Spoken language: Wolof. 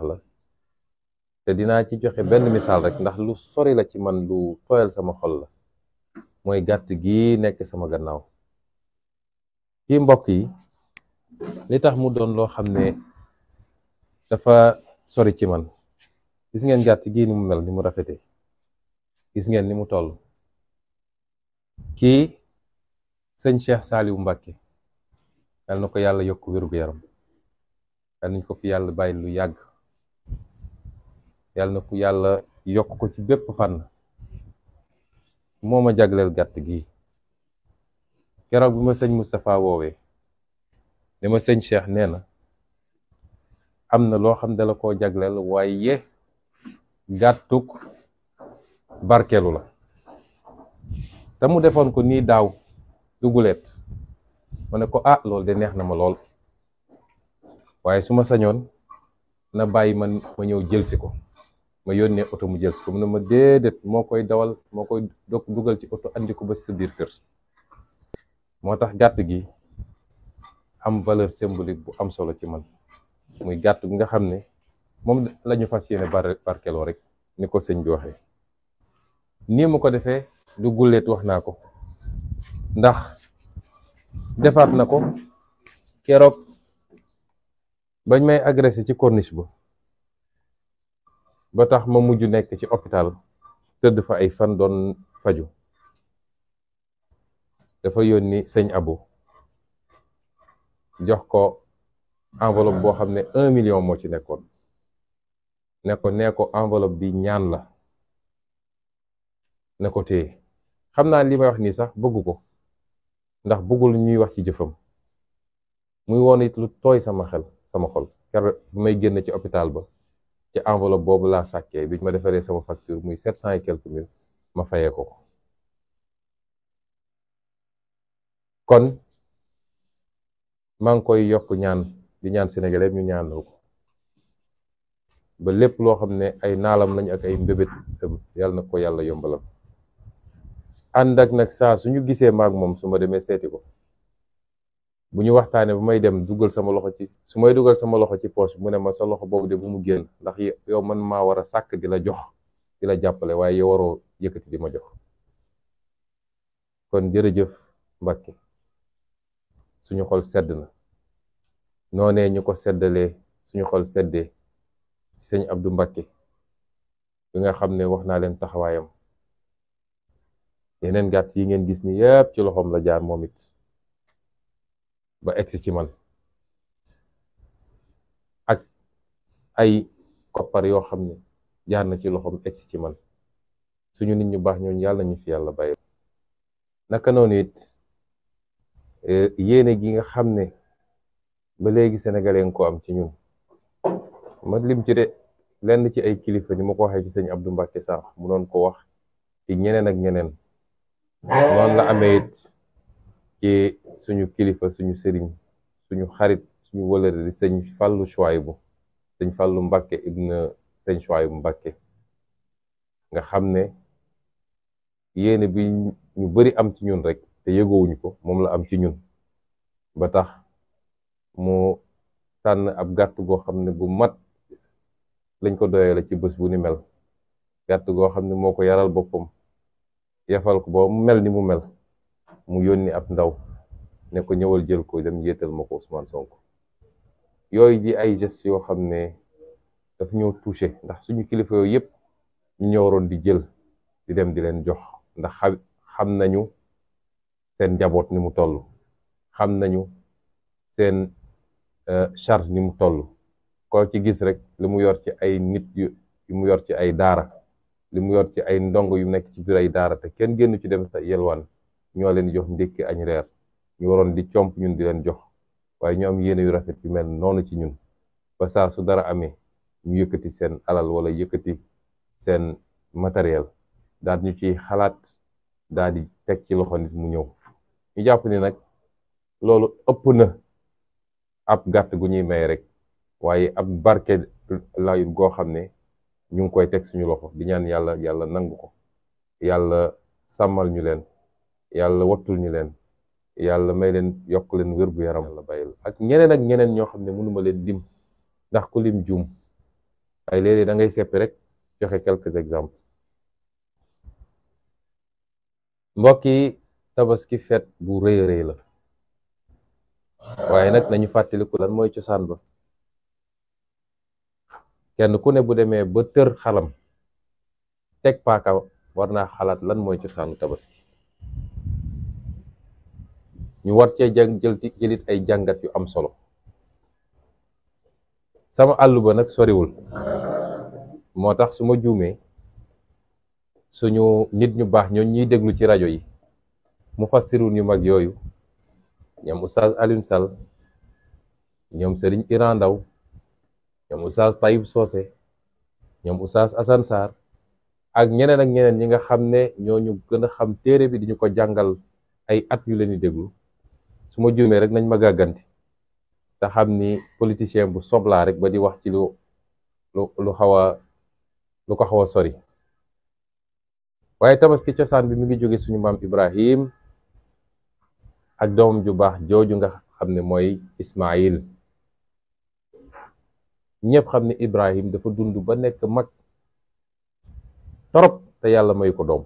sànq la te dinaa ci joxe benn misaal rek ndax lu sori la ci man lu tooyal sama xol la mooy gàtt gii nekk sama gannaaw kii mbokk yi li tax mu doon loo xam ne dafa sori ci man gis ngeen gàtt gii ni mu mel ni mu rafete gis ngeen ni mu toll kii sëñ Cheikh Saliou Mbacke yal na ko yàlla yokk wér-gu-yaram yal nañ ko fi yàlla bàyyi lu yàgg yàlla na ku yàlla yokk ko ci bépp fànn moo ma jagleel gàtt gi keroog bi ma señ Moustapha woowee ne ma sëñ Cheikh nee na am na loo xam dala koo jagleel waaye gàttuk barkelu la te mu defoon ko nii daaw duguleet ma ne ko ah loolu de neex na ma lool waaye su ma sañoon na bàyyi ma ñëw jëlsi ko ma yónnee oto mu jël si ko mu ne ma déedéet moo koy dawal moo koy dok dugal ci oto andi ko ba sa biir kër moo tax gàtt gi am valeur symbolique bu am solo ci man muy gàtt gi nga xam ne moom lañu fas yéene bar barkeloo rek ni ko sëñ bi waxee nii mu ko defee du gulleet wax naa ko ndax defaat na ko keroog bañ may agressé ci corniche ba ba tax ma mujj nekk ci hôpital tëdd fa ay fan doon faju dafa yónni sëñ Abu jox ko enveloppe boo xam ne un million moo ci nekkoon ne ko nee ko enveloppe bi ñaan la ne ko téye xam naa li may wax nii sax bëggu ko ndax bëggul ñuy wax ci jëfam muy woon it lu tooy sama xel sama xol car may génn ci hôpital ba ci enveloppe boobu laa sàkkee bi ñu ma defaree sama facture muy sept cent et quelque mille ma fayee ko ko kon maa ngi koy yokk ñaan di ñaan sénégalais ñu ñaanal ko ba lépp loo xam ne ay naalam lañ ak ay mbébét itam yàlla na ko yàlla yombalal ànd ak nag saa suñu gisee maak moom su ma demee seeti ko bu ñu waxtaanee bu may dem dugal sama loxo ci su may dugal sama loxo ci poche mu ne ma sa loxo boobu de bu mu génn ndax yow man maa war a sàkk di la jox di la jàppale waaye yow waroo yëkkati di ma jox kon jërëjëf Mbàkke suñu xol sedd na noonee ñu ko seddalee suñu xol seddee ci sëñ Abdou Mbàkke bi nga xam ne wax naa leen taxawaayam yeneen gàtt yi ngeen gis ni yépp ci loxoom la jaar moom it ba egsi ci man ak ay koppar yoo xam ne jaar na ci loxoom egsi ci man suñu nit ñu baax ñooñu yàlla ñu fi yàlla bay naka noonu it e, yéene gi nga xam ne ba léegi sénégalais nga ko am ci ñun ma lim ci de lenn ci ay kilifa ni ma ko waxee ci sëñ Abdou Mbacke Sakh mu noon ko wax ci ñeneen ak ñeneen noonu la amee it suñu kilifa suñu sëriñ suñu xarit suñu wëlëre di sëñ Fàllu Chouaïbou sëñ Fàllu Mbàkke ibna sëñ Chouaïbou Mbàkke nga xam ne yéene bi ñu bari am ci ñun rek te yëgowuñu ko moom la am ci ñun ba tax mu tànn ab gàtt goo xam ne gu mat lañ ko la ci bës bu ni mel gàtt goo xam ne moo ko yaral boppam yafal ko ba mel ni mu mel mu yónni ab ndaw nekk ñëwal jël ko dem yéetal ma ko Ousmane Sonko yooyu di ay gest yoo xam ne daf ñoo touché ndax suñu kilifa yooyu yëpp ñu ñoo di jël di dem di leen jox ndax xam nañu seen njaboot ni mu toll xam nañu seen euh, charge ni mu toll koo ci gis rek li mu yor ci ay nit yu mu yor ci ay daara li mu yor ci ay ndongo yu nekk ci biir ay daara te kenn génn ci dem sa yelwaan ñoo leen jox ndékki añ reer ñu waroon di comp ñun di leen jox waaye ñu am yéene yu rafet yu mel noonu ci ñun ba saa su dara amee ñu yëkkati seen alal wala yëkkati seen matériel daal ñu ciy xalaat daal teg ci loxo nit mu ñëw ñu jàpp ni nag loolu ëpp na ab gàtt gu ñuy may rek waaye ab barke layut goo xam ne ñu ngi koy teg suñu loxo di ñaan yàlla yàlla nangu ko yàlla sàmmal ñu leen yàlla wattul ñu leen yàlla may leen yokk leen wér bu yaram la bàyyil ak ñeneen ak ñeneen ñoo xam ne mënuma leen lim ndax ku lim juum ay léeg-léeg seppi rek joxe quelques exemple mbokk yi tabaski feet bu rëy rëy la waaye nag nañu fàttaliku lan mooy cosaan ba kenn ku ne bu demee ba tër xalam teg paaka war naa xalaat lan mooy cosaanu tabaski ñu war cee jàng jël jëlit ay jàngat yu am solo sama àll ba nag soriwul moo tax su ma juumee suñu nit ñu baax ñoo ñuy déglu ci rajo yi mu fassirun yu mag yooyu ñoom Oustaz Alioune ñoom Serigne Iran Ndaw ñoom Oustaz Tayib Socé ñoom Oustaz Assane ak ñeneen ak ñeneen ñi nga xam ne ñoo ñu gën a xam téere bi di ñu ko jàngal ay at yu leen di déglu su ma juumee rek nañ ma gàgganti te xam ni politicien bu soblaa rek ba di wax ci lu lu lu xaw a lu ko xaw a sori waaye tabaski cosaan bi mi ngi jóge suñu maam Ibrahim ak doomam ju baax jooju nga xam ne mooy Ismaayil ñëpp xam ne Ibrahim dafa dund ba nekk mag torop te yàlla may ko doom